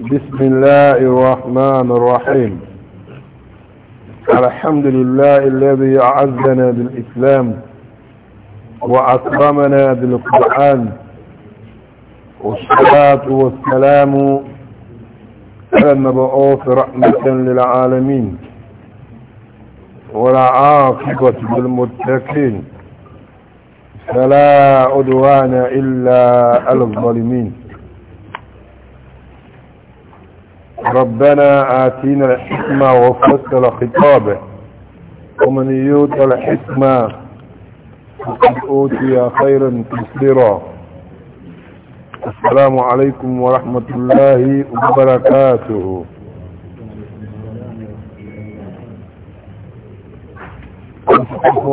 بسم الله الرحمن الرحيم الحمد لله الذي أعزنا بالإسلام وأكرمنا بالقرآن والصلاة والسلام على النبعوث رحمة للعالمين ولا عاقبة للمتقين فلا أدوان إلا الظالمين ربنا آتينا الحكمة وفصل خطابه ومن يوت الحكمة فقد أوتي خيرا كثيرا السلام عليكم ورحمة الله وبركاته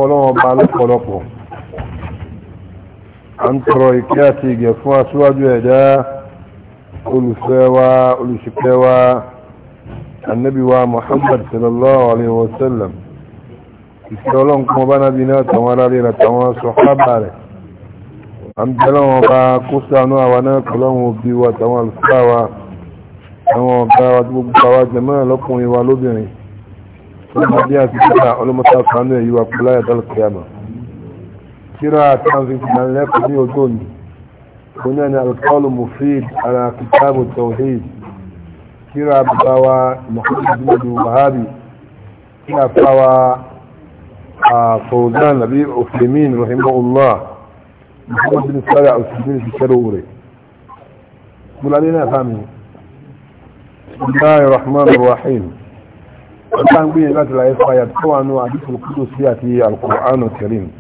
ọlọ́wọ́ bá lọ́pọ̀lọpọ̀ à ń tọrọ ìkẹ́ àti olùfẹ́wà olùṣìfẹ́wà annabiwa muhammad sallallahu alaihi wasallam ìfẹ́ ọlọ́run kọmọ bá nábi náà tàwọn aráre rẹ̀ tàwọn sọ̀hábà rẹ̀ àmìtẹ́lọ́wọ́n bá kó sánú àwa náà kọlọ́run òbí wa tàwọn alùfáwà àwọn ọ̀gá wa tó gbogbo àwa jẹ̀mọ́ lọ́kùnrin wa lóbìnrin ọlọ́mọ bí àti kíkà ọlọ́mọta sánú ẹ̀yí هنا القول مفيد على كتاب التوحيد كرا بطاوى محمد بن عبد الوهابي كرا بطاوى فوزان نبي عثيمين رحمه الله محمد بن صالح عثيمين في الشروري ملالينا فامي بسم الله الرحمن الرحيم الآن بين الله تعالى يدعو عنه حديث القدس يأتي القرآن الكريم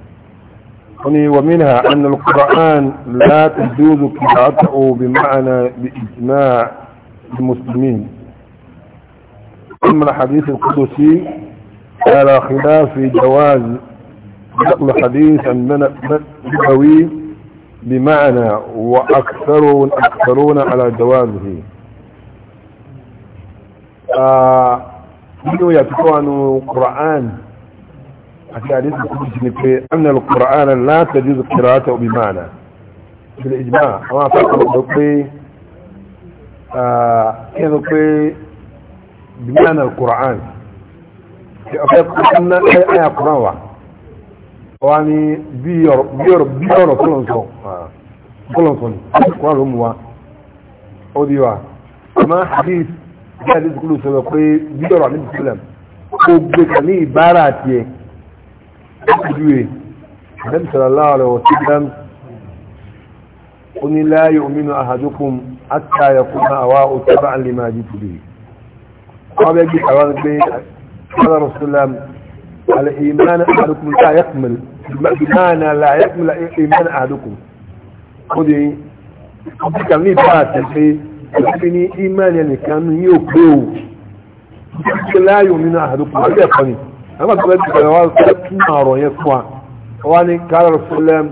يعني ومنها أن القرآن لا تجوز قراءته بمعنى بإجماع المسلمين أما الحديث القدسي على خلاف جواز نقل حديث عن النبوي بمعنى وأكثرون أكثرون على جوازه آه منه يتكون قرآن àti àdéhùn tó ti ní pé anna al-Qur'ana la tajuzu qira'atuhu bi ma'na ìṣẹ̀lẹ̀ ìjìmá àwọn afẹ́kọ̀ọ́ sọ pé kí ẹ sọ pé bi ma'na al-Qur'an ṣe ọ̀fẹ́ kọ́nà ẹ̀yà Qur'an wa wa ni bí ọ̀rọ̀ kọ́lọ̀nsọ̀ kọ́lọ̀nsọ̀ ni Qur'an ló mu wa ó di wa àmọ́ hadith bí àdéhùn tó ti sọ pé bí ọ̀rọ̀ àmì ìsìlẹ̀ kò gbé kàní ìbára àti ẹ̀ النبي صلى الله عليه وسلم قل لا يؤمن احدكم حتى يكون اواء تبعا لما جئت به قال يجي حوالي بين قال رسول الله الايمان احدكم لا يكمل بمعنى لا يكمل ايمان احدكم خذي قبل كم لي بات في ايمان يعني كان يوكلو لا يؤمن احدكم هذا فهمت أما قلت كنوال تنهر يسوى واني قال رسول الله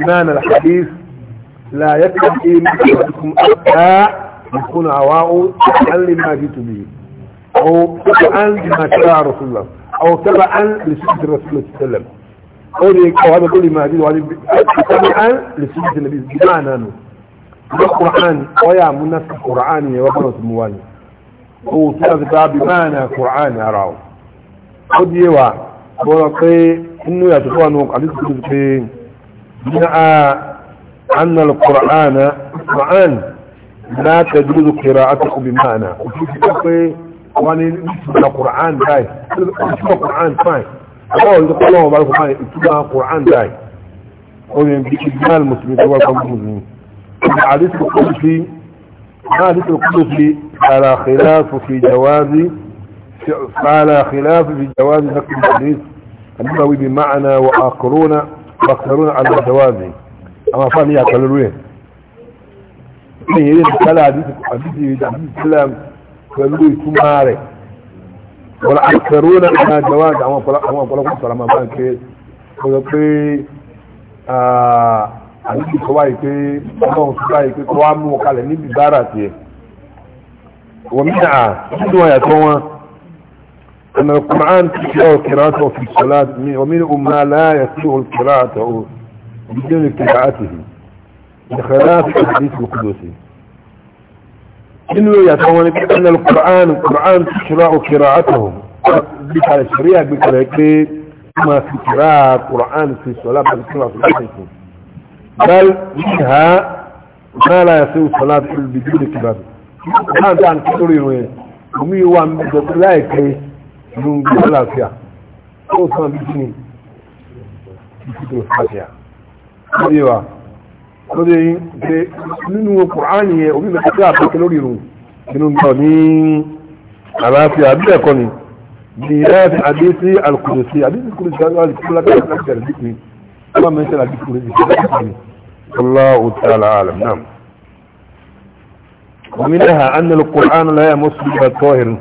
إيمان الحديث لا يكتب إيمانكم أبقى يكون عواء تبعاً لما جئت به أو تبعاً لما شاء رسول الله أو تبعا لسنة الرسول صلى الله عليه وسلم قولي وهذا قولي ما جئت وهذا تبعا لسنة النبي بمعنى أنه القرآن ويا منسك قرآني وبنت مواني هو تبعاً بمعنى قرآني أراه ó di yé wa bọ́lá pé inú yàtọ̀ tó wà nù àdìsí tó ti pé ní a anna al-qur'an qur'an la tajuzu qira'atuhu bi ma'na ó ti fi pé wọ́n ní ìtura qur'an báyìí ìtura qur'an fine àwọn òyìnbó kọ́lọ́ wọn bá kọ́ báyìí ìtura qur'an báyìí ó yẹn bí ìgbìmọ̀ al-muslimin tó wà kọ́ mùsùlùmí àdìsí tó kọ́ sí àdìsí tó kọ́ sí àrà khilaf fi jawazi فعلى خلاف في جواز ذكر الحديث النبوي بمعنى واقرون واكثرون على جوازه أما فهم يعتل من يريد كلا حديث حديث حديث السلام فلو يتماري ولا أكثرون على جواز أما فلا أما فلا قصر أما فلا كي وذكي àdúgbò tó wáyé pé كي tó wáyé pé kó wá mú ọkalẹ̀ níbi أن القرآن تشعر قراءته في الصلاة ومنه ما لا يسيغ قراءته بدون قراءته بخلاف الحديث القدسي إنه يتواني بأن القرآن القرآن تشرع قراءته بك على الشريعة بك على ما في قراءة القرآن في الصلاة بل في الصلاة بل منها ما لا يسيغ الصلاة بدون قراءته القرآن كان كثير ومي وان لا قراءته ló ń gbé àlàáfíà tó sàn bí kíni ìfìtò àlàáfíà lórí wa lórí pé nínú kùránì yẹn omi mẹ́ta tí a tó kí lórí irun inú náà ní àlàáfíà bí ẹ̀kọ́ ni bí láti àdéhùn alùkùrùsí àdéhùn alùkùrùsí alùkùrùsí láti àdéhùn alùkùrùsí ọmọ mẹ́ta alùkùrùsí alùkùrùsí الله تعالى عالم نعم ومنها أن القرآن لا يمس بها الطاهر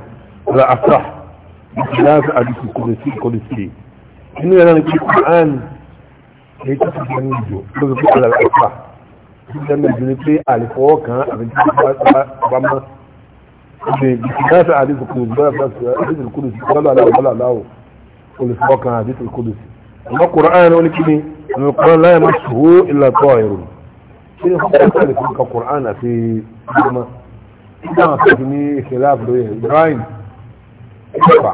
لا أصح ìdáàbò àdìsí kòdìsí kòdìsí inú ẹ̀rọ ní pé quran èyí tó ti jẹ́ ní ìjọ lórí pé àlàlà ọ̀pá tó jẹ́ ní ìjọ ní pé àlìfọwọ́ kan àbẹ̀jẹ́ àbámọ́ ìgbè ìdáàbò àdìsí kòdìsí bọ́lá àdìsí kòdìsí bọ́lá aláwọ̀ bọ́lá aláwọ̀ olùfọwọ́ kan àdìsí kòdìsí àmọ́ quran ó ní kí ni àwọn quran láyé máa ṣòwò ìlà tó àìrò kí ni kọ́kọ́ sáré fún ka quran àti ìgbìmọ̀ ìgbà àwọn akẹ́kọ̀ọ́ ní ìṣẹ̀lẹ̀ àbúrò yẹn ibrahim ìjọba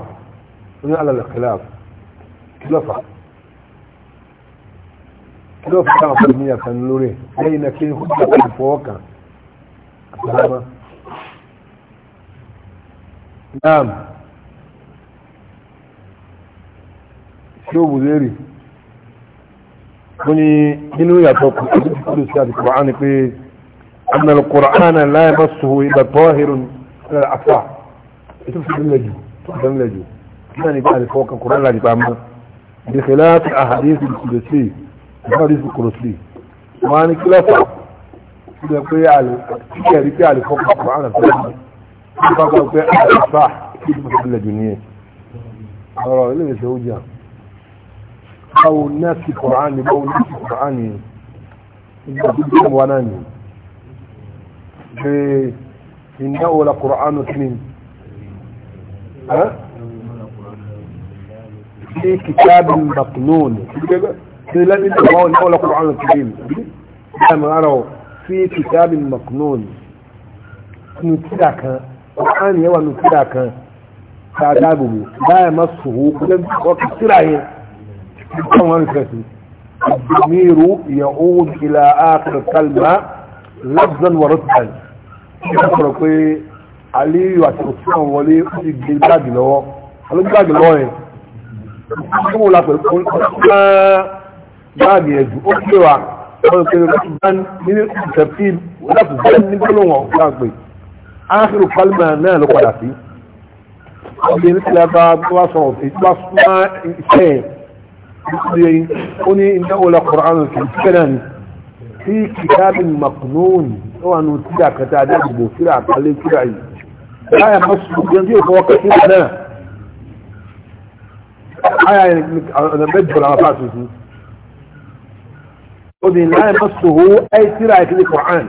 ní alàlẹ̀ kìláàf kílọ̀fà kílọ̀fà táwọn fún mi àtàn lórí lẹ́yìn náà kí n kú jà fún ìfọwọ́ kan àtàlámà naam ṣé o bùrẹ́ rí wọ́n ní nínú ìyàtọ̀ kùtùkùtù sí àti kùrán ni pé أن القرآن لا يمسه إلا طاهر من العفاء تفسد اللجو تفسد اللجو náà nígbà àti fọkàn kúrò láti pamọ́ ìdíkẹ́ láti àhàdíìsì kùrọ̀sì àhàdíìsì kùrọ̀sì wọn á ní kílọ̀fà tí wọ́n pé kíkẹ́ rí pé àlefọkàn kúrò àná tó lọ́wọ́ tí wọ́n gbọ́ pé àlefà kí ló ti lẹ̀ jù nìyẹn ọ̀rọ̀ ilé ìṣẹ́ ó jà báwo nẹ́ẹ̀sì kùrọ̀ àní báwo nẹ́ẹ̀sì kùrọ̀ àní ìgbà tó dé wọn náà nìyẹn pé ìnáwó la kùrọ̀ àná kí ni. في كتاب مكنون لم يتقون قول القرآن الكريم كما أروا في كتاب مكنون نتدك القرآن يوى نتدك تعذابه لا يمسه وكسره الضمير يعود إلى آخر كلمة لفظا ورتبا يقول علي وعثمان ولي أجد بالباقي لو الباقي لو ọmọ òlà pẹ̀lú báàmì ẹ̀dù ó pè wá ọmọ pẹ̀lú báàmì nínú ìtẹ̀fí láti bẹ́ẹ̀ ní gbólóhùn ọ̀gá pé áàfíìrù pálímà náà ló padà sí ọmọ ẹni tí a bá wá sọ̀rọ̀ sí tí wá súnmọ́ iṣẹ́ ẹ̀ nítorí ó ní iná òlà kọ̀ọ̀rán kì í fẹ́ náà ni tí kìtàbí makunóòn ó wà nù tíjà kẹta adé àdìgbò síra àkálé síra yìí láyà má sùn aya ọ̀nà mẹ́jọ làwọn bá tuntun obìnrin láyé má sòwò ayé tíra ayé kíni Quran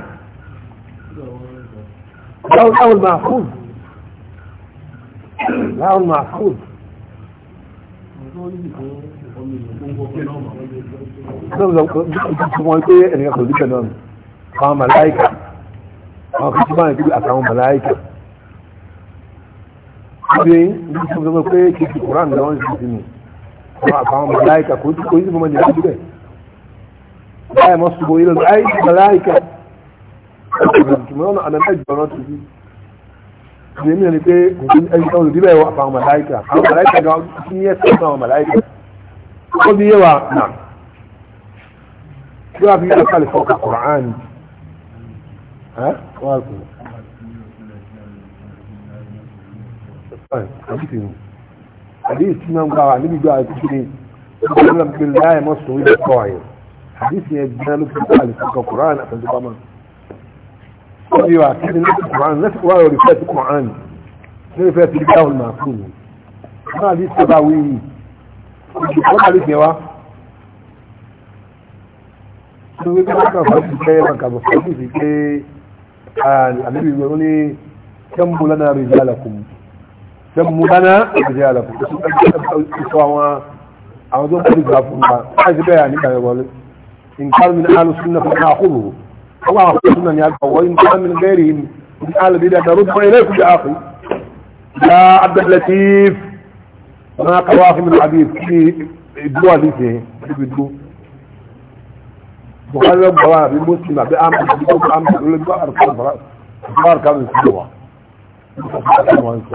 láwọn láwọn máa fún láwọn máa fún. Wọ́n pé ẹnìkan kò ní pẹ̀lú ọ̀nà àwọn màláìkà àwọn kò tí bá ń kí àtàwọn màláìkà obìnrin ní sọ pé kìkì Quran lọ́wọ́ ń sì sínú àtàwọn màláìkà kò sí mọ́mọ́ nílá síbẹ̀ báyìí mọ́ ṣubú ilẹ̀ láì màláìkà ìgbìmọ̀nà àdàmà ìgbìmọ̀nà tó sí ìdí mi ni pé kò sí ẹni tó ń díbẹ̀ wọ àtàwọn màláìkà àwọn màláìkà gan sí ní ẹsẹ̀ àtàwọn màláìkà ó di yé wa nà kí wàá fi yíyá kálí fọ́ kàkùrán Thank you hadith tí wọ́n gbà wà níbi ìjọ àti kiri ìjọba bí láì mọ́ sùn ìjọ kọ́ àyè hadith yẹn gbẹ́ ló fi kọ́ àlùfẹ́ kọ́ Quran àtàjọ pamọ́ wọ́n yóò àkíní lẹ́sìn Quran lẹ́sìn Quran yóò rìfẹ́ sí Quran lórí fẹ́ ti dá òun màá fún mi náà hadith tó bá wí yìí ìjọba hadith yẹn wá tó wí pé wọ́n kàn fọ́ sí pé wọ́n kàn fọ́ sí pé àlejò ìgbẹ́ wọn ní kẹ́mbùlánà rìjálà kùmù dẹ́mu lánà àjẹ́ àlàfo ìsọ àwọn àwọn tó ń bẹ̀rẹ̀ ìgbà fún wa láti bẹ́ẹ̀ àníkà rẹ̀ wọlé nǹkan mi ní alùsùn náà fún àkóbò ọwọ́ àkóbò náà ni àgbà wọ́n nǹkan mi ní bẹ́ẹ̀rẹ̀ ní alùbí dàgbà rúbọ ilé ìkú bí ya abdulatif wọn akáwá fún mi ní àbí ìfúni ìdúró àdìsẹ níbi dúró bukari ló gbọ́ àbí muslim àbí amadu àbí gbogbo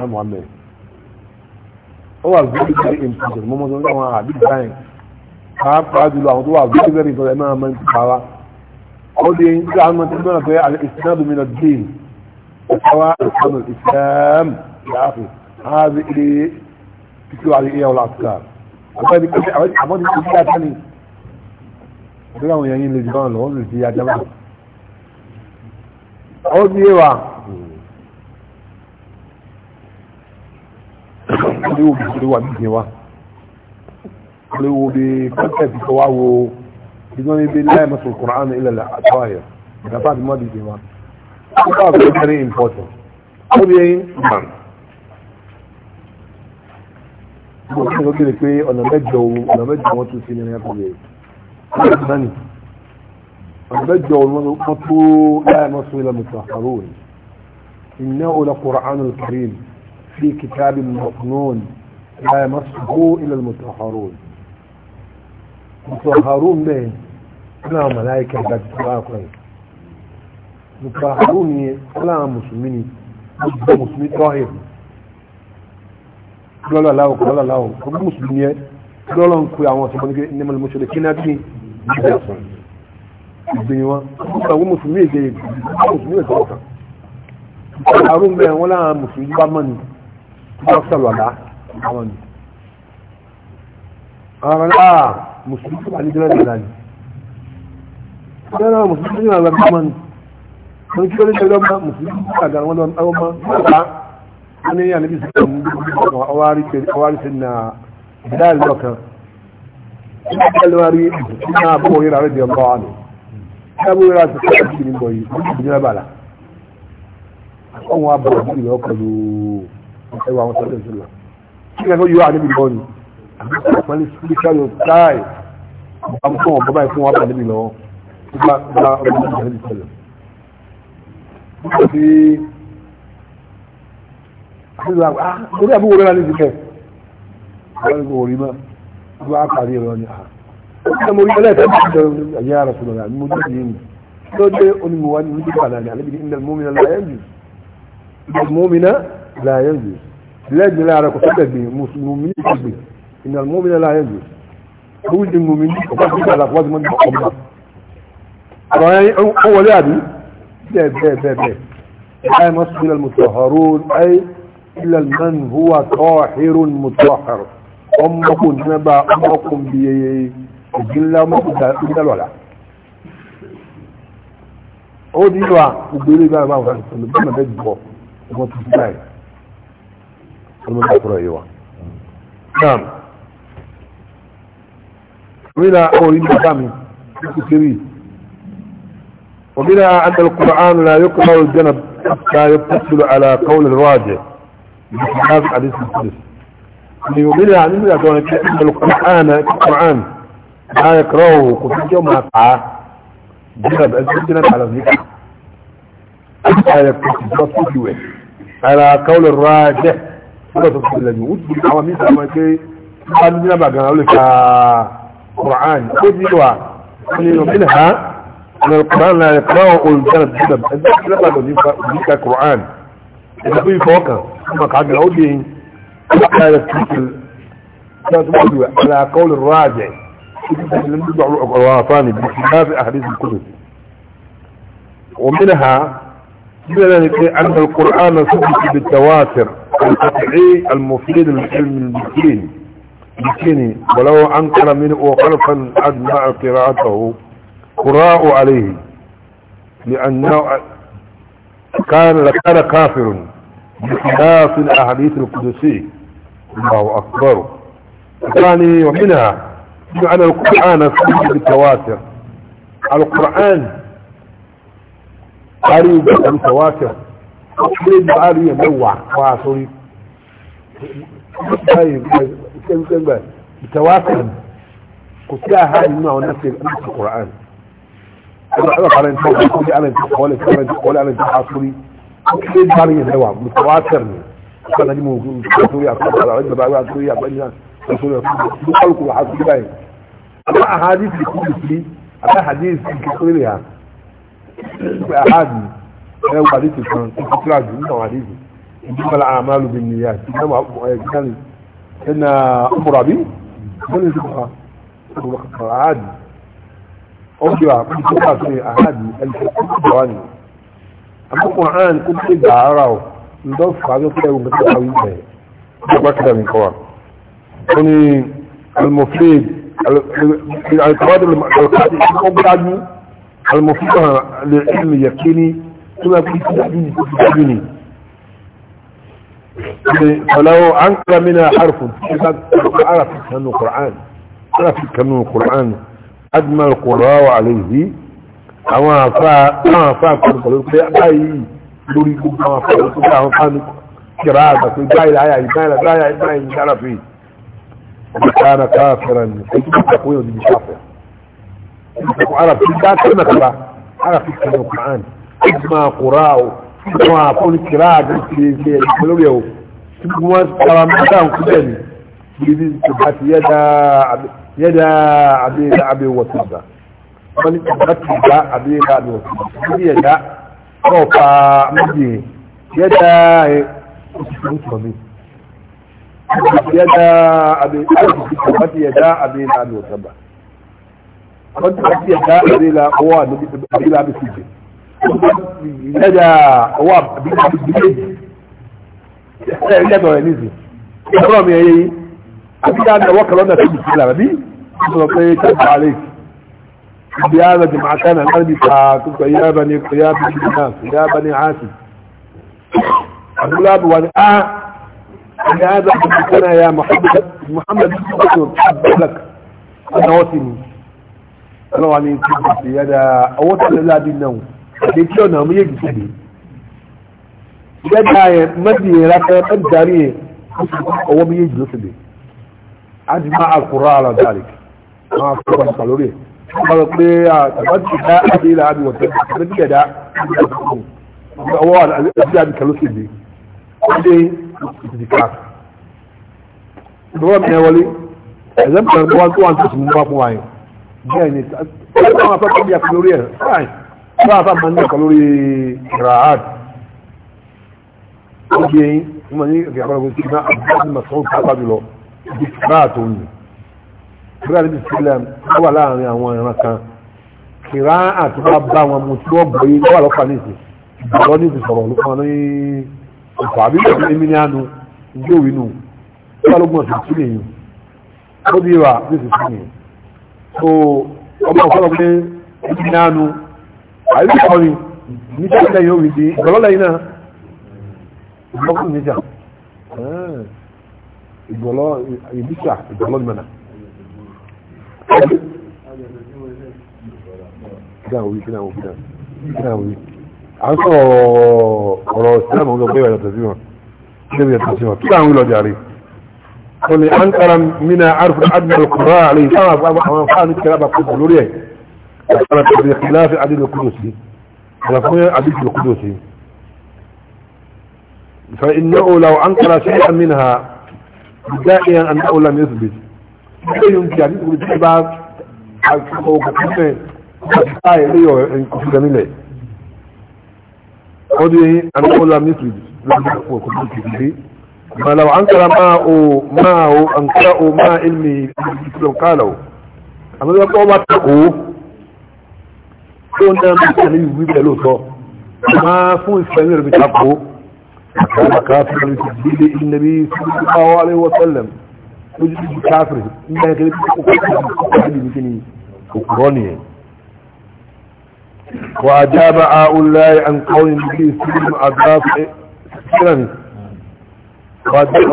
amadu ó wà very very important mo mọ sọ pé àwọn àbí báyìí pàápàá jùlọ àwọn tó wà very very important ẹ máa máa ń pa wá ó di ní àwọn ọmọ tó ń bẹ̀rẹ̀ pé àlẹ́ ìsinádùn mi lọ dé ìsáwá ìsánù ìsẹ́m ìyáàfẹ́ ààbí ilé títí wà ní ìyàwó láfíà àbẹ́ni pé àwọn ti ti yá tání ìgbéyàwó yẹn yín lè jù báwọn lọ wọ́n lè ti yá ó di ẹwà kọ́léwò bí kọ́léwò àbí ìjẹ wa kọ́léwò bí kọ́ńtẹ̀tì tó wá wo ìgbọ́n ní bí láì mọ́sùn kùránù ilẹ̀ àtọ́yẹ̀ ìgbàfà àti mọ́dì ìjẹ wa ó bá very very important ó bí ẹyin man ó bí ẹyin bèrè pé ọ̀nà mẹ́jọ ọ̀nà mẹ́jọ wọn tún sí ní ẹ̀kọ́ rẹ̀ ọ̀nà mẹ́jọ wọn tún láì mọ́sùn ilẹ̀ mùsàkàrò ìnáwó la kùránù kárìm في كتاب مكنون لا يمسه إلا المطهرون مطهرون به أنا ملائكة بعد سؤالكم مطهرون أنا مسلمين مسلمين طاهر lọ́lọ́ láwọ̀ kọ́ lọ́lọ́ láwọ̀ kọ́ bí mùsùlùmí ẹ lọ́lọ́ ń pe àwọn ọ̀sán nígbà ní mọ̀lẹ́mọ̀ ṣẹlẹ̀ kí náà bí ìgbà sọ̀rọ̀ ìgbìyàn wọn àwọn mùsùlùmí èdè mùsùlùmí èdè ọ̀kan àwọn mẹ́rin wọn láwọn mùsùlùmí bá mọ̀ ni ọ̀sọ̀lọ̀dá àwọn ni àwọn aláà musulmi tó wà ní jẹ́rẹ̀ ìlànà jẹ́rẹ̀ musulmi ní àwọn ọmọ ni wọ́n kí ó lè jẹ́rẹ̀ ọmọ musulmi tó àgbà wọn ọmọ mọ́ta wọ́n ní àníbí sílẹ̀ ọwárí sí na ìdáàlì lọ́kàn ìdáàlì ní àbúrò ẹwà àwọn sọ́dọ̀ ìṣẹ̀lẹ̀ kí ẹ̀kọ́ yóò àníbi lọ́wọ́ ni àbúkọ̀ọ́pẹ́lẹ́ spiritual tie àbúkọ̀ wọn bọ́bá ìfún wa bà níbi lọ́wọ́ nígbà bá ọmọ ìjọba níbi sọ́dọ̀ nígbà tí àbúrò àgbà orí àbúrò rẹ̀ ní ìdíkẹ́ àwọn ìgbò orí mọ́ bí wọ́n á parí ẹ̀rọ ni àhà ah. ó mọ̀ orí ẹlẹ́ẹ̀kẹ́ bí ìjọ ayé ara sọ̀rọ̀ rẹ̀ mo jẹ́ ìyẹn lọ́dẹ onímọ̀wá ní ìdíkẹ́ àlàyé àlẹ́bí ní ilẹ̀ mọ́mìnà láyé jù ìdíkẹ́ mọ́mìnà لا ينجز لازم لا يعرف قدك مؤمنين قلبي إن المؤمن لا ينجز هو المؤمنين قلبي على أفواز من قبل هو لعبي ده ده ده ده لا يمس إلا المطهرون أي إلا من هو طاهر مطهر أمكم نبع أمكم بجلة أمكم ده ولا ó dí ìwà ògbèrè bá àwọn àwọn àwọn àwọn àwọn àwọn àwọn المذكرة ايوه نعم ولا اوري مقامي كثيري ومنها ان القرآن لا يقبل الجنب حتى يتصل على قول الراجع بخلاف حديث القدس يعني ومنها ان القرآن القرآن لا يكرهه كفر يوم وقعه جنب الجنب على ذلك حتى يتصل على قول الراجح القرآن من منها من القرآن لا يقرأ وقل مثال الدنب أنت لما نبيك القرآن إذا كنت فوقا ثم قعد العودين لا يستمت المدوى على قول الراجع لم يدع الوطان بخلاف أحديث الكتب ومنها من أن القرآن صدق بالتواتر القطعي المفيد للعلم المكيني مكيني ولو أنقل منه وخلفا أدمع قراءته قراء عليه لأنه كان لكان كافر بخلاف الأحاديث القدسي الله أكبر الثاني ومنها أن القرآن فيه بالتواتر القرآن قريب بالتواتر ilé buhari yẹn mẹ́wàá wá sórí ìkẹ́mìkẹ́mìgbà ìtẹ̀wákàn kò sí àhá nínú àwọn nẹ́sẹ̀ nẹ́sẹ̀ kùrán ẹgbẹ́ ẹgbẹ́ kan tó kọ́ sí alẹ́ tó kọ́lẹ̀ sí alẹ́ tó kọ́lẹ̀ alẹ́ tó kọ́ sórí ilé buhari yẹn mẹ́wàá ìtẹ̀wákàn ni ọ̀sán náà ní mo kọ́ sórí àkọ́kọ́ àwọn ẹgbẹ́ bàbá àti orí àgbẹ̀ náà kọ́ ẹ wà ní tìkan tó fi kíláàsì nínú àwọn àdéhùn ìdí mọ́lá àmàlù bí nìyà tí náà wà ẹ̀ gíga ni ẹ̀ na ọmọrà bí wọ́n lè sọ̀rọ̀ ọ̀rọ̀ kàkàrà àádì ọ̀gbìn wa kó tó bá sọ̀rọ̀ àádì ẹ̀lẹ́sẹ̀ tó ti bọ̀ ni àkókò àn kó tó gbà ara o ǹdọ́ fà á lọ́kọ̀ ẹ̀wọ̀n kẹta wí bẹ̀ ọgbà kẹta mi kọ́ wa ó ní almoflid alkawadu alkawadu alkawadu المفيد لعلم يقيني تكون فلو عنك من حرف عرف كان القرآن عرف كان القرآن أجمى القراء عليه أما فا أما فا كنت لك أي دوريك أما فا كنت لك كراءة في جاي لعي عيبان لعي عيبان شرفي وكان كافرا كنت تقوي ودي بشافر كنت عرف كنت عرف كنت عرف كنت عرف كنت ìgbìmọ̀ àkùrá o wọn àfọ́nìkìrá àdúgbò lórí ẹ̀ o tí wọ́n tara mẹ́ta nkú bẹ́ẹ̀ ni bíbí tìbátì yẹ́dá abẹ́rẹ́ abẹ́wọ̀tìgbà wọ́n ní tìbátì yẹ́dá abẹ́rẹ́ abẹ́wọ̀tìgbà bíbí yẹ́dá náà fa méjì yẹ́dá ẹ̀ òṣìṣẹ́ òṣìṣẹ́ yẹ́dá abẹ́rẹ́ abẹ́wọ̀tìgbà wọ́n tìbátì yẹ́dá abẹ́rẹ́ abẹ́wọ̀tìgbà ẹ̀dà ọwọ́ àbíkèjì ẹ̀ẹ́dẹ̀gbọ̀n rẹ̀ nìsí ọ̀rọ̀ mi ẹ̀yẹ yìí àbíkà ní ọwọ́ kẹlọ́dà tó bìí sílẹ̀ àbí ọ̀sọ̀ pé tábà alẹ́ ibi ara jẹ máa kánà láti ta kúkọ yá bá ní kọ yá bí bí náà kọ yá bá ní áàsì abúlábù wa ni a ni a zà kúkọ kánà ya muhammad sọ́kọ̀ abúlak adáwọ́sí ni ọlọ́wà ni kúkọ sí yá da ọwọ́ tẹ̀lé ládì náà àti tí ọ̀nà méjèèjì tẹ̀lé gẹ́gà yẹn mẹ́tì yẹn rákẹ́ mẹ́tì darí yẹn ọwọ́ méjèèjì ló tẹ̀lé a ti máa àkùrọ̀ àlọ́ dàrí máa fọ́ ọ̀nà kàlórí ẹ̀ wọ́n lọ pé àtàkì dá àti ilà àbí wọ̀tẹ́ àti kẹ̀dá ọwọ́ àti àbí kàló tẹ̀lé ọdẹ ìtìkà ìdọ́wọ́ mi ẹ wọlé ẹ̀zẹ́mpẹ̀rẹ̀ wọn tó wà ní tòṣì mú fún wa yẹn bẹ́ẹ̀ ni ọjọ́ àwọn afẹ́kọ̀ọ́ bí i lórí ẹ̀ fáìn tó àfà máa ń dẹ̀kọ́ lórí raad ó gbé yín wọ́n máa ní ìgbà kan lóko sí iná àbúrò masoud pápá jùlọ ibi raad tó ń lò kíra níbi sílẹ̀ ó wà láàrin àwọn ìran kan kíra àti wọ́n bá wọn mu tí wọ́n bọ̀ yín lọ́wọ́ lọ́pàá nìsí ìgbàlọ́ ní ti sọ̀rọ̀ lóko ní ìfọ̀ àbí ìfọ̀ ní mímí àánú ìjọ òwe nù ó wà lókun ọ̀sẹ̀ sílẹ̀ yìí ó bí wà ní ìsìn sílẹ̀ yìí àyè kọ́ ni níta ilẹ̀ yóò wí di ìgbọ̀lọ́lẹ̀ yìí náà ìgbọ́kù níta ìgbọ̀lọ́ ìbísà ìgbọ̀lọ́ ìmọ̀nà. kí náà wí kí náà wí kí náà wí. à ń sọ ọ̀rọ̀ ìsìlámù ọ̀gbọ̀n bẹ́ẹ̀ yàtọ̀ sí wọn bẹ́ẹ̀ yàtọ̀ sí wọn kí náà wí lọ jàre. wọ́n ní ankara mina arfa adúlọ̀ kọ̀ọ̀rọ̀ àlè ìfáwọn àwọn afáàní kẹrẹ́ bá lórí ẹ̀. على خلاف عدد القدسي على فقه عدد القدسي فإنه لو أنكر شيئا منها دائيا أنه لم يثبت لا يمكن أن يقول الشباب أو كتبه أتقاي ليه إن كفر من ليه قدره أنه لم يثبت لم يقول كتبه ما لو أنكر ما هو ما هو أنكره ما علمي قالوا أما لو أنكره كان كافر من تجديد النبي صلى الله عليه وسلم تجديد كافر إنه يجب أن أكثر من أكثر من أكرانيا وأجاب آؤ الله عن قول النبي صلى الله عليه وسلم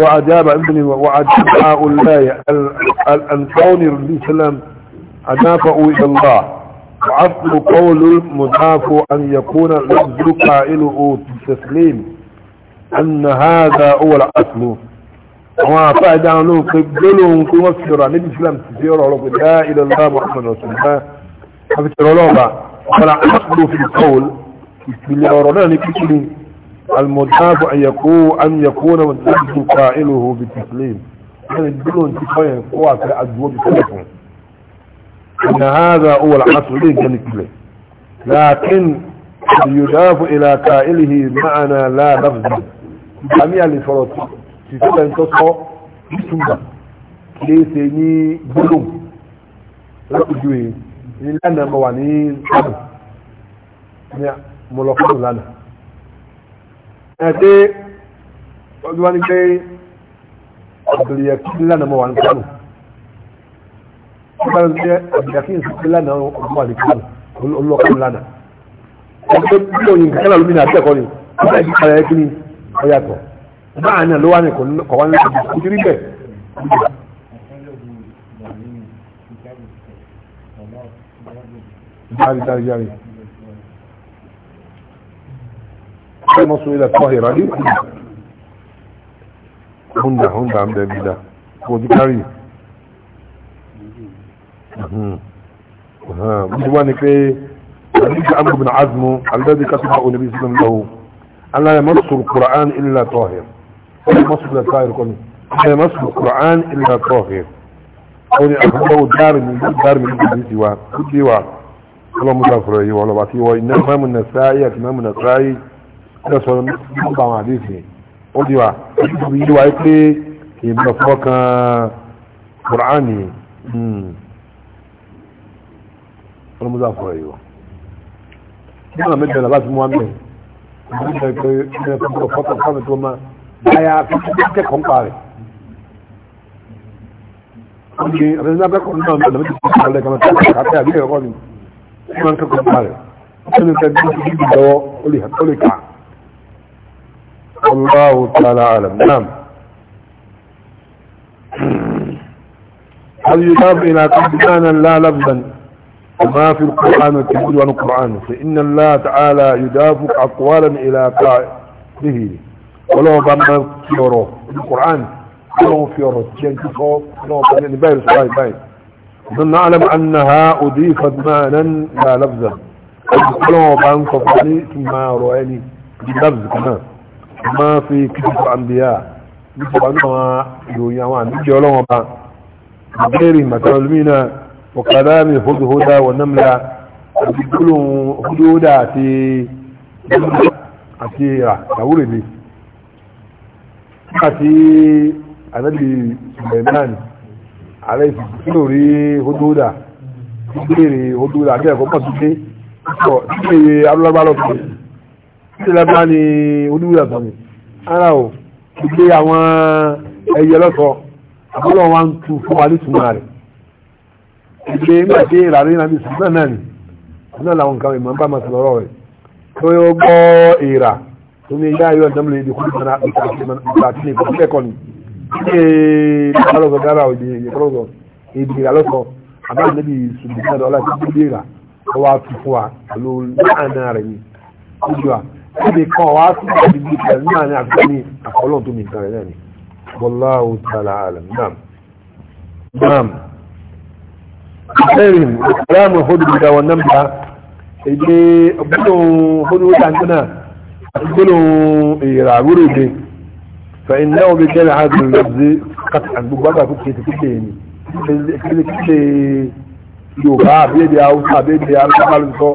وأجاب ابني وأجاب آؤ الله عن قول النبي صلى الله عليه وسلم أجابه إلى الله وعصل قول المضاف أن يكون لفظ قائله تسليم أن هذا هو الأصل وما فعد عنه قبلهم كما فسر الإسلام تسير على لا إلى الله محمد رسول الله فسر الله فالأصل في القول بسم الله ورنان كتلي المضاف أن يكون أن يكون لفظ قائله بالتسليم يعني قبلهم تسير قوة الأزواج تسليم إن هذا هو العصر ليه لكن يضاف إلى قائله معنى لا لفظ جميع الفروض. تسبب أن تصحى بسنة ليس ني بلوم لا تجوي لأن موانين قبل ملخص لنا أتي أدواني بي قبل يكين لنا موانين قبل ọgbàrún jẹ́ àbìdàkín sí lánàá ọgbọ́n àdìkún olókùn lánàá ọgbẹ́ bí òyìn kankan náà lómìnà àbẹ́ẹ̀kọ́ ni ọgbà ìdí kàrẹ́ kí ni ọyàtọ̀ máa náà ló wà ní kọ̀wá ní ọdún kò ti rí bẹ́ẹ̀. Jari jari jari. Ṣé mo sọ ilẹ̀ tọ́ ìrọ̀lẹ́? Hunda hunda ń bẹ bí da. Mo ti kárí. wọ́n ni pé àdíjì amúrù bin azmu alẹ́dí kásùmá oníbi sílẹ̀ lọ́wọ́ aláyẹ mọ́sùlù kùrán ilẹ̀ tọ́hìr mọ́sùlù tọ́hìr kọ́ni aláyẹ mọ́sùlù kùrán ilẹ̀ tọ́hìr wọ́n ni àkọ́kọ́ dáàrin ní dáàrin ní ìdí tiwa kúdé wa ọlọ́mú dàfúrọ̀ yìí wọ́n lọ́ba tí wọ́n iná mọ́mù nà sáyé àti mọ́mù nà sáyé ẹ̀rọ sọ̀rọ̀ nípa àwọn àdéhùn ó di wa ó di wa pé ìbùdó fọ́ kan kùrán yìí wọ́n mú sáfọ́ ẹ̀yọ́ nígbà mẹ́jọ náà bá ti mú wa mẹ́rin ìlú ìjọ ìpè ìpínlẹ̀ fọ́tò fọ́tò fọ́tò tó máa báyà kẹ́kọ̀ọ́ ń pa rẹ̀ wọ́n ní àbẹ̀sẹ̀ náà bẹ́kọ̀ọ́ náà mẹ́rin lọ́mọdé tó kọ́ lẹ́kọ̀ọ́ náà kàtẹ́ àbí ẹ̀kọ́ ni wọ́n máa ń kẹ́kọ̀ọ́ هل يجاب إلى قد لا لفظا وما في القرآن الكبير عن القرآن فإن الله تعالى يدافق أقوالا إلى قائده ولو بما يرى القرآن ولو في يرى تخوف ولو بما يعني باير سواي باير ظن نعلم أنها أضيفت معنا لا لفظا ولو بما صفاني ثم رؤاني لفظ كمان ما في كتب الأنبياء يقول أنها يويا وان يجي ولو بما غير مثل وكلام هدهد ونملة كل هدهد أتي أتي أوريدي أتي النبي سليمان عليه سوري هدهد سوري هدهد أتي أكو بسيطي سوري أبلا بالوكي سلاماني هدهد أتي أنا أو gbogbo àwọn ẹyẹ lọ́sọ̀ọ́ àbúrò wọn ń tu ìgbé ńgbà tí ìràrí náà bí sùgbọ́n náà ni náà làwọn nǹkan ìmọ̀ bá máa sọ lọ́rọ̀ rẹ̀ tó yóò gbọ́ ìrà tó ní yá yóò dámúlẹ̀ èdè kúrò náà ìgbà tí ìgbà tí ẹ̀kọ́ ni ṣé ìgbàlọ́sọ dára òdì ìgbàlọ́sọ èdè ìràlọ́sọ àbáyé níbi ìsùnbí náà lọ́la tí ó déra ó wá tu fún wa pẹ̀lú láàánà rẹ̀ ni ojú wa ẹbí kan wá sí ìdíbi pẹ̀lú láàánà àgbẹ̀ ní àkọlọ́ tó mi nǹkan rẹ̀ náà ni wallahu ta'ala alam tsarin ramin hudu da wannan ba sai dai gudun hudu tantuna a gudun raguru ne fa in nawa bai kere hajjin lafzi kasa an dubba ba kuke ta kuke ne kuke kuke yoba bai da yawo ta bai da yawo kamar so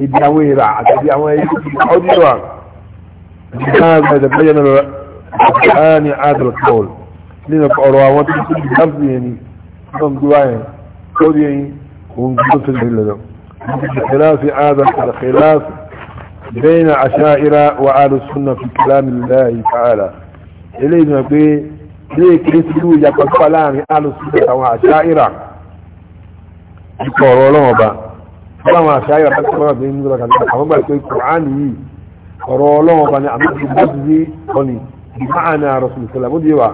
idan yawon yi ra'a ta bi awon yi audiyowa jikan da bayyana da adal kawal ne na ƙwarwa wata kuke lafzi ne don duwayen قولي ونقول في الهلة بخلاف هذا الخلاف بين عشائر وآل السنة في كلام الله تعالى إليه نبي ليه كريسلو يقول فلان آل السنة وعشائر يقولوا لهم با فلان عشائر تكتبوا بهم ذلك الحمام بل كي قرآن يي قولوا لهم با نعمل بمزي قني بمعنى رسول الله مديوا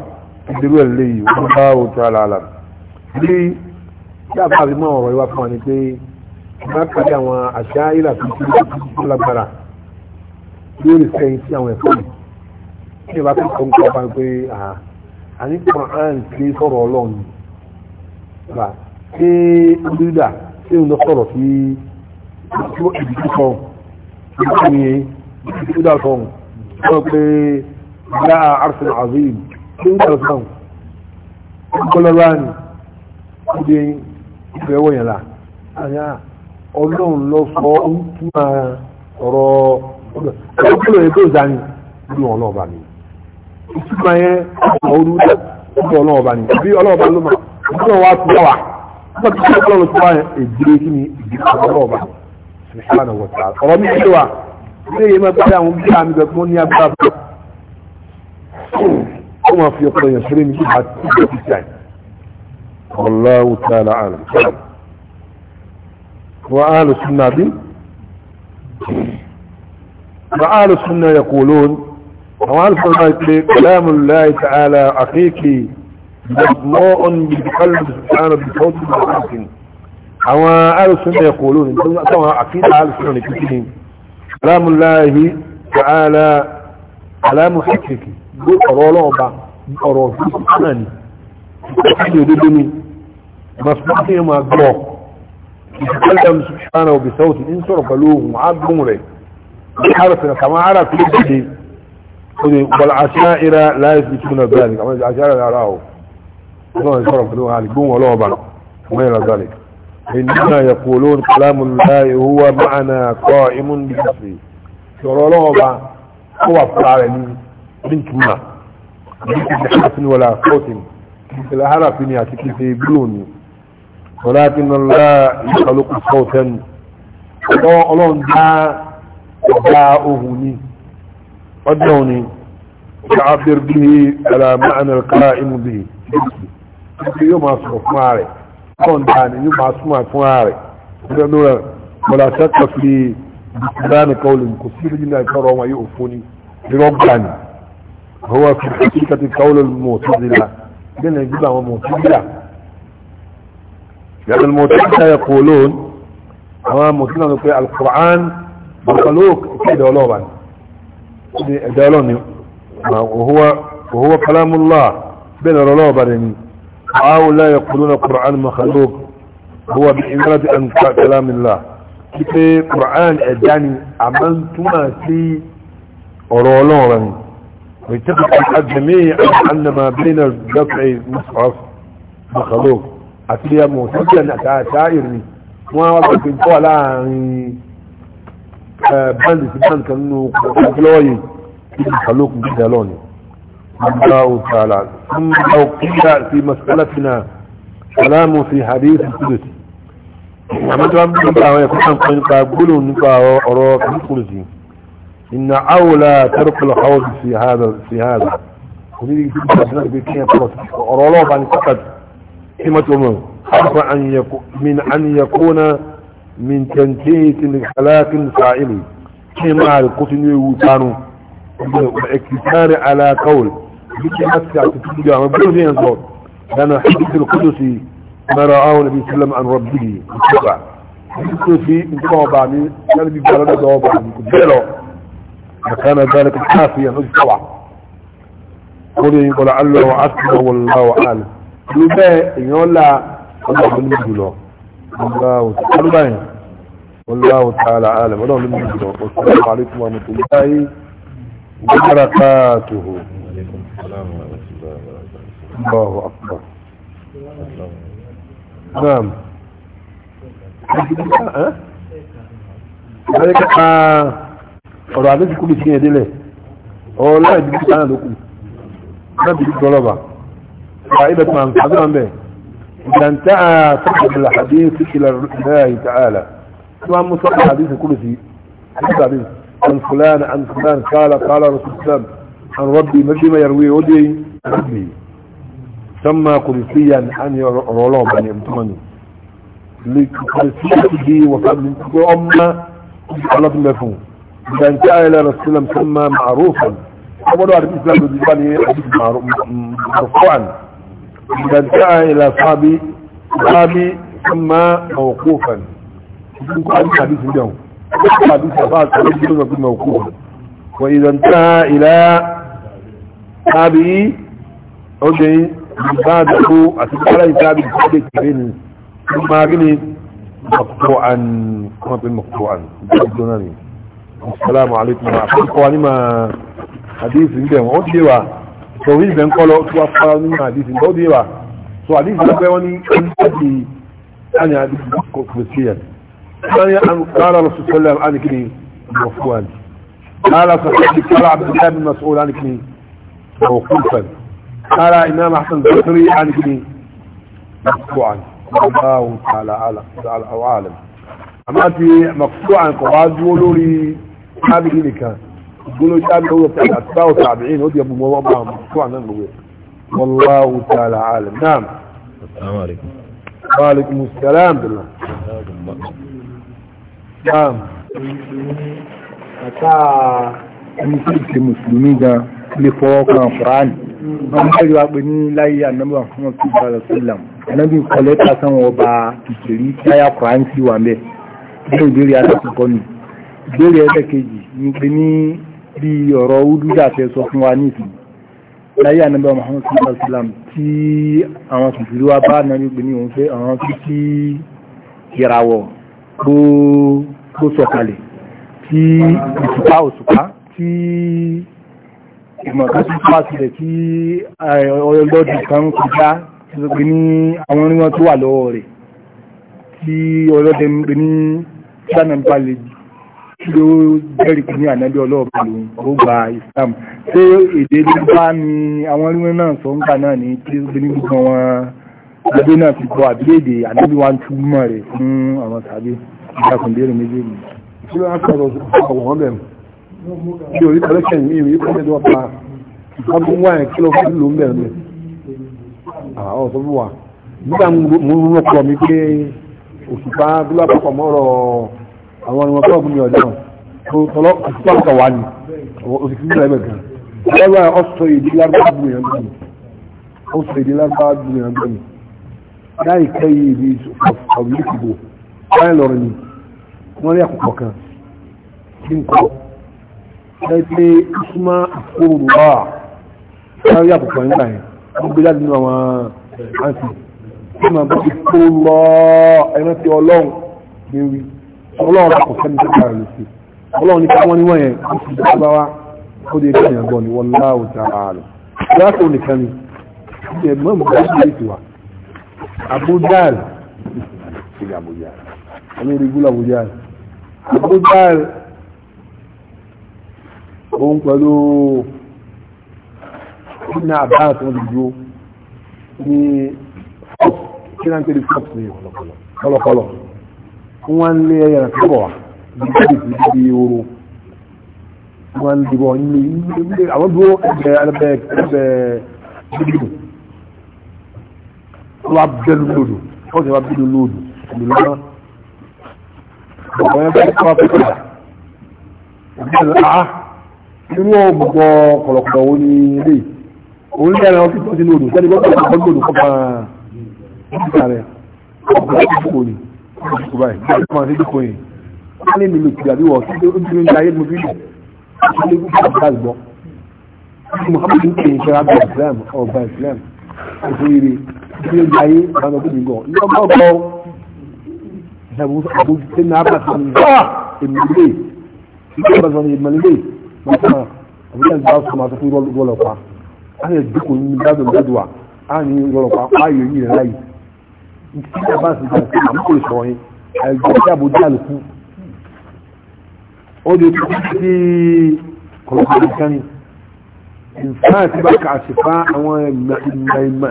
تدروا اللي والله تعالى أعلم ليه tí a bá rí mọ́ ọ̀rọ̀ ìwà fún wa ni pé má kàdé àwọn àṣà ìlà tó kí tó lágbára lórí sẹ́yìn sí àwọn ẹ̀kọ́ yìí tí ìwà tó kọ́ ń kọ́ bá ń pé àní kan á ń pè sọ̀rọ̀ ọlọ́run gbà ṣé olùdà ṣé ń lọ sọ̀rọ̀ sí ìdí tó sọ̀rọ̀ ìdí tó yẹ ìdí tó dà sọ̀rọ̀ sọ pé ìyá arsenal azim ṣé ń kọ̀ sọ̀rọ̀ ń kọ́ lọ́rọ́ àná ó dé yín ìfẹ́ wọ̀nyàn la ọlọ́run lọ fọ ń túmọ̀ ọ̀rọ̀ ọlọ́run yẹn tó zani lórí wọn lọ́ọ̀bà ni ìtumọ̀ yẹn ọ̀rọ̀ ọ̀rọ̀ ọlọ́ọ̀bà ni bí ọlọ́ọ̀bà ló máa ọlọ́ọ̀ wa tó wà wọ́n ti sọ ọlọ́run tó wà èdè kí ni èdè ọlọ́ọ̀bà sùnìṣàlánà wọ̀tà ọ̀rọ̀ mi ṣe wà ilé yẹn máa bá àwọn bí àmì bẹ̀ fún ní agbára fún ó máa fi ọ̀pọ̀ èèyàn ṣeré ní ìgbà tí ó ti ṣe àyè والله تعالى عالم وآل السنة دي وآل السنة يقولون وآل السنة كلام الله تعالى حقيقي مطموع بالقلب سبحانه بصوت المحاكم وآل السنة يقولون طبعا أكيد أهل السنة يقولون كلام الله تعالى على حقيقي قول أرولو أبا أرولو سبحانه الحمد مسموعية ما قلوه يتكلم سبحانه بصوت الإنسر فلوه معاد بمري، حرفنا كما عرف يبدي والعشائر لا يثبتون ذلك أما العشائر لا رأوا الله ينصر فلوه عليك بوم ولوه بنا ما إلى ذلك إننا يقولون كلام الله هو معنا قائم بحسبه يقولوا له بنا هو فعلني من كما من حرف ولا صوت لا حرف يعني تكلفه بلوني ولكن الله يخلق صوتا فقالون دا وداؤهني ودوني تعبر به على معنى القائم به يوم أصبح معي كون داني يوم أصبح معي ولا شك في بكران قول كثير جنا يكرر وما يؤفوني لربان هو في حقيقة قول المعتزلة لأن يجب أن لأن المتحدة يقولون هو المعتزلة في القرآن مخلوق كده ولوبا يعني دالوني وهو وهو كلام الله بين ولوبا يعني. هؤلاء يقولون القرآن مخلوق هو بإمارة أن كلام الله كيف القرآن أداني عملتما في أرولوبا ويتفق الأدمي أن ما بين الدفع مصحف مخلوق àti ẹmọ títí ẹ̀nà àtàṣáyìrì ni wọ́n wá pẹ̀lú pọ̀ láàrin báńdì sí báńdì kan nínú ọgbọ́yì tí ìkàlókùn jíjà lọ́nà الله تعالى ثم لو قيل في مسألتنا كلام في حديث القدس أما تبقى نبقى ويكون قنقى قلوا نبقى وراء القدس إن أولى ترك الحوض في هذا في هذا وذلك تبقى نبقى وراء الله فقط حمة حرف أن يكون من أن يكون من تنتهي لحلاك فاعل حمة القتل يوتان والاكتسار على قول بك أسكع تتلقى وبرزي ينظر لأن حديث القدسي ما رآه النبي صلى الله عليه وسلم عن ربه السبع القدسي انتبه بعدين كان بيقارنه دواب بعدين كبيره وكان ذلك حافيا طبعا قولي ولعله عسله والله أعلم ló bẹ́ẹ̀ èèyàn la ọlọ́run ní jùlọ ọlọ́run والله تعالى عالم ولهم من جدر والسلام عليكم ورحمة الله وبركاته وعليكم السلام ورحمة الله وبركاته الله أكبر نعم ذلك ọ̀rọ̀ àdéjì kúrò sí ẹ̀dẹ́lẹ̀ ọ̀rọ̀ láìdí kúrò sí ẹ̀dẹ́lẹ̀ ọ̀rọ̀ láìdí kúrò sí ẹ̀dẹ́lẹ̀ قائدة من حضرا به إذا انتهى صاحب الحديث إلى الله تعالى ما مصطلح الحديث كل شيء الحديث عن فلان عن فلان قال قال رسول الله عن ربي مجي ما يروي ودي ربي سمى قلسيا عن رولوم يعني امتمني لقدسيته وفضل أمة الله مفهوم إذا انتهى إلى رسول الله سمى معروفا أولو عرف الإسلام بالإسلام معروفا بدعا الى صحابي صحابي ثم موقوفا يقول حديث اليوم حديث صحابي ثم موقوفا واذا انتهى الى صحابي اوجي بعده اتبقى عليه صحابي صحابي كبير ثم اغني مقطوعا كما بين مقطوعا السلام عليكم ورحمه الله وبركاته حديث اليوم اوجي tòwí ìbẹ̀ ń kọ́ lọ tí wọ́n fara nínú àdìsí tó dé wa so àdìsí ló pẹ́ wọ́n ní àdìsí àni àdìsí kò sí yẹn wọ́n ní àrà lọ sọ́sọ́ lẹ́m ànìkìní bọ̀ fún wa ní àrà sọ́sọ́ ní kọ́lá abdullahi bin masoud ànìkìní bọ̀ fún fẹ́ àrà imam hasan bakri ànìkìní bọ̀ fún الله تعالى أعلم أما في مقطوعا قواعد ولوري هذه كان gbolo jáde owó padà táwọ tàbí ìnà ó ti ẹbùn mọ́wọ́ bá àwọn tó àná gbogbo wallahu ta'ala alim naam assalamu alaikum wa alaikum assalam billah naam ata ẹni tí ìṣe mùsùlùmí ga lè fọwọ́ kan Qur'an wọ́n bá yọ apẹ ní láyé ànábà fún ọtí ìbára sílẹ̀ ànábì kọlẹ́ta sáwọn ọba ìṣèlú táyà Qur'an sí wà mẹ́ ní ìbéèrè alákọ̀ọ́kọ́ ni ìbéèrè ẹlẹ́kejì ní pé ní bí ọ̀rọ̀ wúdúdà tẹ́ sọ fún wa nìsìn láyé ànábà Muhammad sallallahu alaihi wasallam tí àwọn tìtìrí wa bá náà gbé ní òun fẹ́ àwọn tí kí ìràwọ̀ tó sọ̀kalẹ̀ tí ìtùpá òṣùpá tí ìmọ̀ká tó pàá sílẹ̀ tí ọlọ́dún kan gbé ní àwọn oníwọ̀n kí ló jẹ́rìí pé ní ànábí ọlọ́ọ̀bá lòun ó gba Islam ṣé èdè bá ní àwọn orí náà sọ ń gbà náà ní tí ó ní gbogbo wọn adé náà ti gbọ́ àbí èdè ànábí wa ń túmọ̀ rẹ̀ fún àwọn tàbí ìdàkùnbéèrè méjèèjì. kí ló ń sọ̀rọ̀ àwòrán bẹ̀rù kí orí kọ́lẹ́kẹ̀ yìí rí kọ́lẹ́ tó pa ọdún wáyé kí ló fi lò ń bẹ̀rù mi. àwọn sọ fún wa nígbà mo rún ọkọ mi pé òṣùpá gúlápọ̀ mọ́rọ̀ àwọn ọmọ tó ọgbìn ọjọ́ tọ́lọ́ àtúntàkọ̀ wà ní òsìkí nílẹ̀ ẹgbẹ̀ kan lọ́wọ́ ẹ̀ ọ̀sọ̀ èdè lágbàá gbìyàn gbìyàn ọ̀sọ̀ èdè lágbàá gbìyàn gbìyàn láì kẹ́ yìí ìdí ọ̀wìlìkìbò láì lọ́rọ̀ ni wọ́n rí àkùkọ̀ kan kí n kọ́ ẹ pé súnmọ́ àkóòrò wà láì rí àkùkọ̀ nígbà yẹn wọ́n gbé láti nínú àwọn àǹtí kí n máa bọ́ ti kó ọlọ́run ní wí ọlọ́run kò sẹ́ni tó bá rẹ̀ sí ọlọ́run ní káwọn níwọ̀n yẹn ó ti dá bá wá ó dé bí ẹ̀gbọ́n ni wọ́n láwù ta ààrẹ láàkó nìkan ni ṣe mọ́ mọ́ bá ṣe ètò wa abudal ṣe abudal olórí gúlọ̀ abudal abudal òun pẹ̀lú ìnà àbáyà tó ń dúró ní kí náà tẹ́lẹ̀ fọ́ọ̀sì ní ọ̀pọ̀lọpọ̀lọ wọ́n lé ẹyẹrẹ tó bọ̀ wá bí i ooru wọ́n lè bọ̀ ní ilé àwọn dúró ẹgbẹ́ ẹgbẹ́ ẹgbẹ́ bíbélì wọ́n wá bẹ́lú lòdù wọ́n sì wá bíbélì lòdù ìlú lọ́nà ọ̀pọ̀ yẹn fẹ́ẹ́ kọ́ pẹ́pẹ́ rà ìdílé rẹ̀ á ah, nínú ọ̀gbọ̀gbọ̀ kọ̀lọ̀kọ̀lọ̀ wo ni ilé òun ní ẹran ọtí tó ti lòdù sẹ́ni gbọ́dọ̀ kọ́ lòdù kọ́ máa ń bẹ̀rẹ̀ ọ̀pọ̀ yẹn ìdíkò báyìí bí ọdún máa ń dídíkò yìí wọ́n lè nílò ìpìlẹ̀ àbí wọ́n sí obìnrin ní ayé mo fi lè ṣe lè gbọ́ ọ̀gá gbọ́ muhammadu ń pè é ṣẹ́ra bí islam ọba islam àti rere bí ó ayé ọ̀gá ọ̀gá gbọ́ lọ́gbọ́ ọ̀gá ìṣàbùsọ̀ sínú abàtì ìmọ̀lẹ́ ìjọba ìmọ̀lẹ́ mọ̀tàn àbújá ìgbà ọ̀sán máa tó fún rọ́lọ́pàá á yẹ díkò ní dáadọ̀ dáadọ̀ à á ní rọ́lọ́pàá á yẹ yìí rẹ̀ láyìí ìpínlẹ̀ bá sì jẹ́ àmì kò sọ yín ẹgbẹ́ tí àbójú àlùkù ó lè tó sí kọ̀ọ̀kan kánì nǹkan àti bá kà sí fa àwọn ìmọ̀ ìmọ̀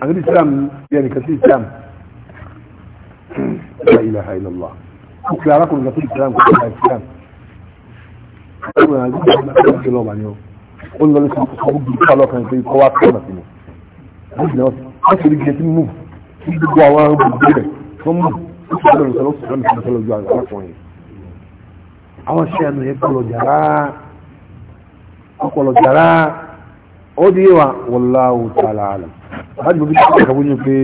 àti islam yẹn nìkan sí islam la ilaha illallah ó fi arákùnrin kan sí islam kò sí islam ó ń lọ sí ọgbọ̀n kọlọ́kan pé kọ́wá kọ́nà sí ni ó sì lọ sí ọ̀sẹ̀ ìgbẹ́ tí mú kí gbogbo àwọn gbogbo rẹ̀ tó mú ìṣòro ìṣòro ìṣòro ìṣòro ìṣòro ìṣòro ìṣòro ìṣòro àwọn ṣe àná yẹn kọlọ jàrá kọlọ jàrá ó di wa wallahu ta'ala alam láti bóbi tí kò ní pé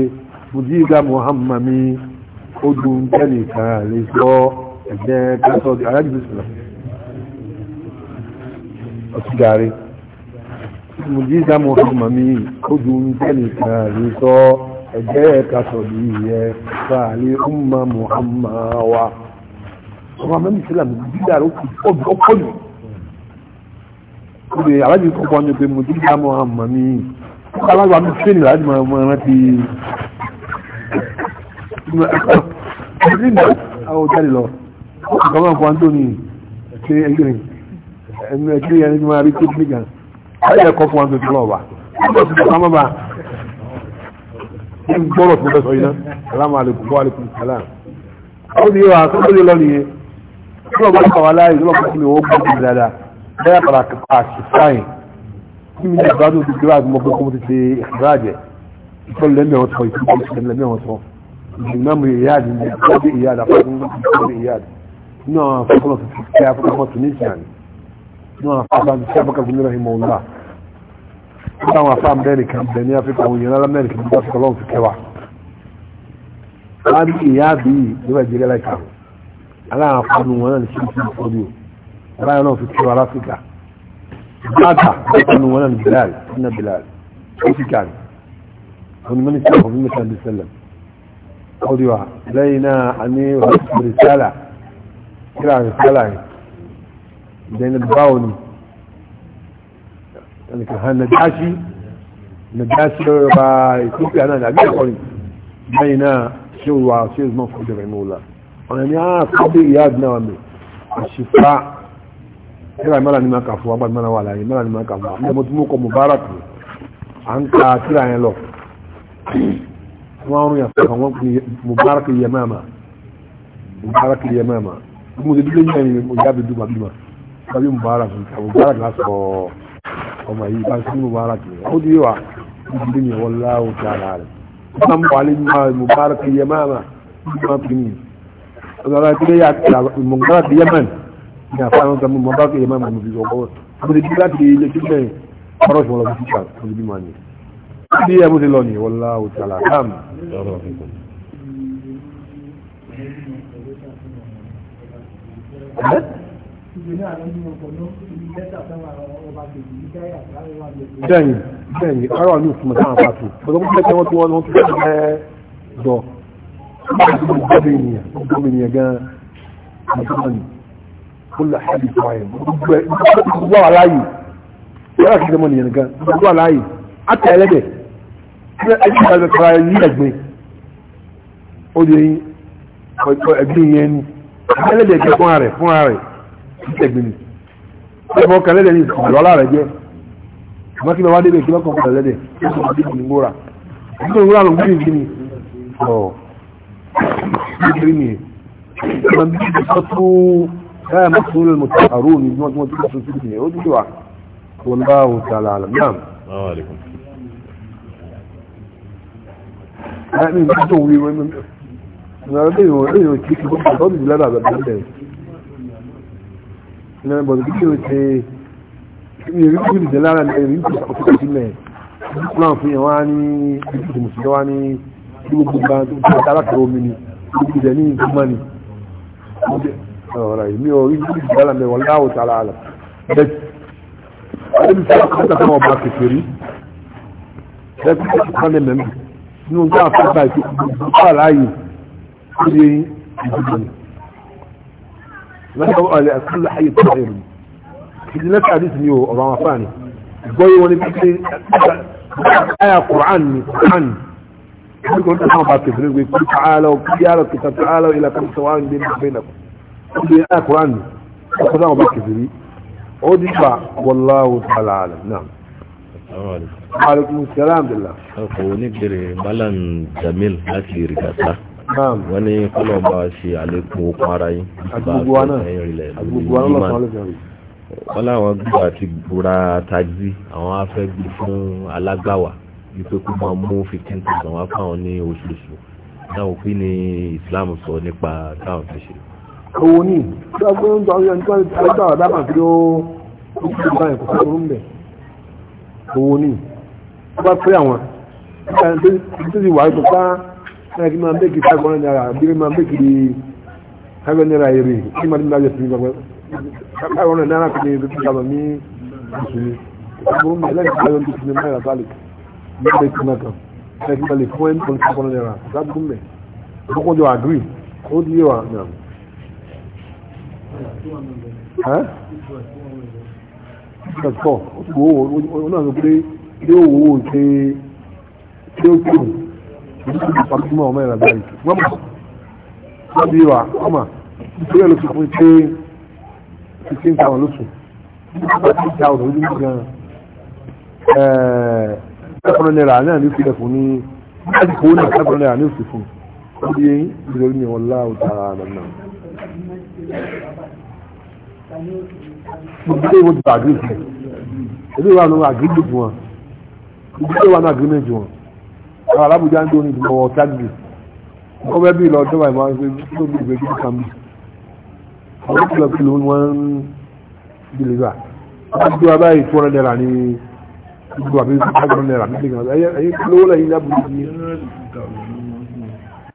bùdíga muhammad mi ó dùn tẹ́lẹ̀ kan lè sọ ẹ̀jẹ̀ kásọ̀ di alájú bísílẹ̀ ọtí gàrí bùdíga muhammad mi ó dùn tẹ́lẹ̀ ẹ̀jẹ̀ ka sọ̀dí yẹ fàálí ọmọ muhammad wa ọmọ mẹ́mí sílẹ̀ mú dídá rẹ̀ ọkọ̀lù ìdè alájì kọ̀kọ́ ní pé mú dídá muhammad ní alájọ àmì tíẹ́nì láti máa mọ ẹran ti ìdílé àwọn jáde lọ ọkọ̀ máa fọ antoni ṣe ẹgbẹ̀rin ẹnu ẹgbẹ̀rin ẹni máa rí tó nígbà ayẹyẹ kọ́ fún wa tó ti lọ́ọ̀bà ọmọ sí ọmọ bá ẹ gbọ́rọ̀ tó bẹ́sọ̀ iná aláàmà àlekùn bọ́ àlekùn sàlám ó ní wa tó lóye lọ nìyẹn tí wọ́n bá ń kàwá láàyè lọ́wọ́ kí ni ó gbọ́ sí dáadáa bẹ́ẹ̀ padà àṣì sáyìn kí mi ní ìgbádùn ti gbéra àti mọ́gbọ́n kó ti ṣe ìgbàjẹ́ ìtọ́lù lẹ́mẹ̀ wọn sọ ìtọ́lù lẹ́mẹ̀ wọn sọ ìgbìmọ̀ ìyáàdì ní ìtọ́jú ìyáàdì afọ́kùn ìyáàdì nínú àwọn afọ́kùn ọ̀sẹ̀ tí a fọ́kùn ọmọ tunisia ni nínú àwọn afọ́kùn ọ̀sẹ̀ tí a fọ́kùn ọmọ tunisia láwọn afá amẹ́ríkà bẹ̀ ní áfíríkà àwọn èèyàn ará amẹ́ríkà ní áfíríkà lọ́wọ́ fi kẹwàá láàrín ìyá àbí ní nàìjíríà láìka aláwọn afá nu wọn náà ní síbi síbi fọ́bí o aláwọn náà fi kẹwàá láfíríkà bàtà bàtà nu wọn náà ní bilal ní bilal áfíríkà ni àwọn mínísítà ọ̀fọ̀ mínísítà ní sẹ́lẹ̀m ọdí wa lẹ́yìn náà a ní rìsálà kíra rìsálà yìí ìdẹ́ni báwo ni ẹnìkan hàn nàjáṣí nàjáṣí ọba ethiopia náà nàbí ẹ̀kọ́ ni lẹ́yìn náà ṣé o wà ṣé o mọ̀ fún ìjọba ìmọ̀ òla ọ̀nà ni a ah, kọ́ bí ìyá àdínà wà mí àṣìfà ẹ̀rọ ìmọ̀lá ni máa kà fún wa bá ìmọ̀lá wà láàyè ìmọ̀lá ni máa kà fún wa ní ọmọ tí mo kọ mubarak à ń ka tíra yẹn lọ wọn rún yàtọ̀ kan wọn kò mubarak yamama mubarak yamama mo ti dúró yẹn ni mo yá bi ọmọ yìí bá sí mubarak yẹn ó di wa ibi ni wọn láwù tí a rà rẹ wọn mú alẹ mubarak yẹ máma máa fi ni ọlọ́rọ̀ tí yẹ mubarak yẹ mẹ́rin ní àfáàní ọ̀sán mubarak yẹ máma mo fi sọ ọkọ mo ti di láti ilé tí mẹ́rin ọ̀rọ̀ sọ wọn lọ sí kíkà mo ti bí ma ni bí ẹ mo ti lọ ni wọn láwù tí a rà kàm lọ́rọ̀ bẹ́ẹ̀ni bẹ́ẹ̀ni ara mi fún mi sáà pàtó ọdún pípẹ́ tí wọ́n tí wọ́n ti fẹ́ jọ gbọ́dọ̀ ènìyàn gbọ́dọ̀ ènìyàn gan àjọmọ̀ ni ó lọ ṣáàbì fún ayé gbogbo wà láàyè yàrá kìí dẹ́mọ̀ nìyẹn gan gbogbo wà láàyè àtẹ ẹlẹ́dẹ̀ ẹ̀jẹ̀ ìgbàlẹ̀ kọ́ra yí ẹ̀gbin ó lè ẹ̀gbin yẹn ni ẹlẹ́dẹ̀ ẹ̀gbin ìtẹ̀gbìn ẹ̀mọ́ kan lẹ́dẹ̀ ní ìlọ́lá rẹ̀ jẹ́ àmọ́ kí lọ wá débẹ̀ kí lọ́kàn kan lẹ́dẹ̀ kí lọ́kàn kan lẹ́dẹ̀ ńgbóra nígbà ńgbóra ló ń gbé ìgbìmí ọ̀ nítorí mi ìgbà bí ìgbà tó ẹ̀ mọ́ tó lè mọ̀ tó àrò ní bí wọ́n ti wọ́n ti lọ́sọ̀ síbi yẹn ó ti wà wọn bá wò tààlà àlà náà. ẹ̀mí ìgbà tó wí wọ́n mi ìgbà tó yẹ ìlànà bọ̀dọ̀ bí kí o ṣe ìrírí kí o ṣe lára ní ìrírí kí o ṣe sí mẹ́ẹ̀ náà fi hàn wá ní ibi tó mùsùlùmí wá ní gbogbo gbà tó ti ṣe alákàrà omi ni gbogbo ìdẹ̀ ní ìgbìmọ̀ ni ọ̀rọ̀ yìí mi ò rí kí o ṣe lára mẹ́wọ̀n láwọ̀ tá a lọ bẹ́ẹ̀ ẹni tí a kọ́ta fún ọba kékeré bẹ́ẹ̀ kí o ṣe mẹ́mẹ́ nínú tó àfẹ́ báyìí tó kọ́ lọ́jọ́ ọ̀lẹ́ àkàlà ayé tó ayé rẹ̀ ìdí náà sáré sí ni o ọ̀rọ̀ àwọn afáàní gbọ́ yìí wọn ni pé ayà kùrán ni kùrán ni kò tó náà bá kẹfìrí gbé kú tààlà kú yára kú tààlà ilà kan tó wáyé ní bẹ́ẹ̀ náà kú bí ayà ni kò tó náà bá kẹfìrí ó di fa wàlláhu tààlà àlẹ náà. Wa alaikum salaam billah. Ọkọ̀ oníbèrè Malam Jamil láti Rìkàtà wọ́n ní kọ́lọ̀ bá ṣe àlékún okun ara yín gbogbo náà wọ́n láwọn gbà àti búra taxi àwọn afẹ́ gbé fún alágbàwà wípé kó máa mú fifteen thousand wá fáwọn ní oṣooṣù náà òfin ní Islam sọ nípa táwọn fi ṣe. owó ní ìgbà pé ń gba ọyàn nípa alágbàwà dábàá tí ó ń fi ìgbà yẹn kò fẹ́ ronú bẹ̀. owó ní ìgbà pé àwọn ìgbà tó ti wà á tó bá náà kí máa méjì five hundred naira àbí máa méjì five hundred naira èrè kí máa nílá yẹtù nígbà five hundred naira kò ní ibi tó sábà ní ìṣúni ìṣàbùrù mi lẹ́yìn five hundred naira náírà bálẹ̀ ní ilé tí náà kan náà kí máa lè fún ẹni tó ní five hundred naira ìṣàbùrù mi ìfọkànjọ àgírí ó di yé wa náà. Ìjọba ó ti wo owó náà ló pé ilé òwò ṣe ṣé ó kúrò ìpàdúmọ̀ ọmọ ìrìnàjò àìsí wọ́n mọ̀ wọ́n bí wà ọmọ ìpínlẹ̀ lóṣù fún pé fifteen thousand lóṣù fifteen thousand ojú mi gan ẹ̀ẹ́dẹ́gbọ̀n náírà náà ní ìfilẹ̀ fún ní láti kó náà ẹ̀ẹ́dẹ́gbọ̀n náírà ní òsì fún wọ́n bí ìdílé ní ọlá ọ̀tá àná náà. ìdílé wọn ti bàgé ìfẹ́ ìdílé wọn àgbẹ̀ ìdílé wọn ìdílé wọn àgbẹ̀ méjì wọn àwọn alábùjá ń dóni ìdìbò wọ káàdì wọ́n bẹ́ bí lọ́dún báyìí máa ń ṣe tó bí ìgbé kíkà mi àwọn kìlọ̀ kìlọ̀ ni wọ́n ń dìlìbà wọ́n ti dúra báyìí two hundred naira ní ìdúrà bí five hundred naira nígbà ẹ̀yẹ lówó lẹ́yìn lábùjá yìí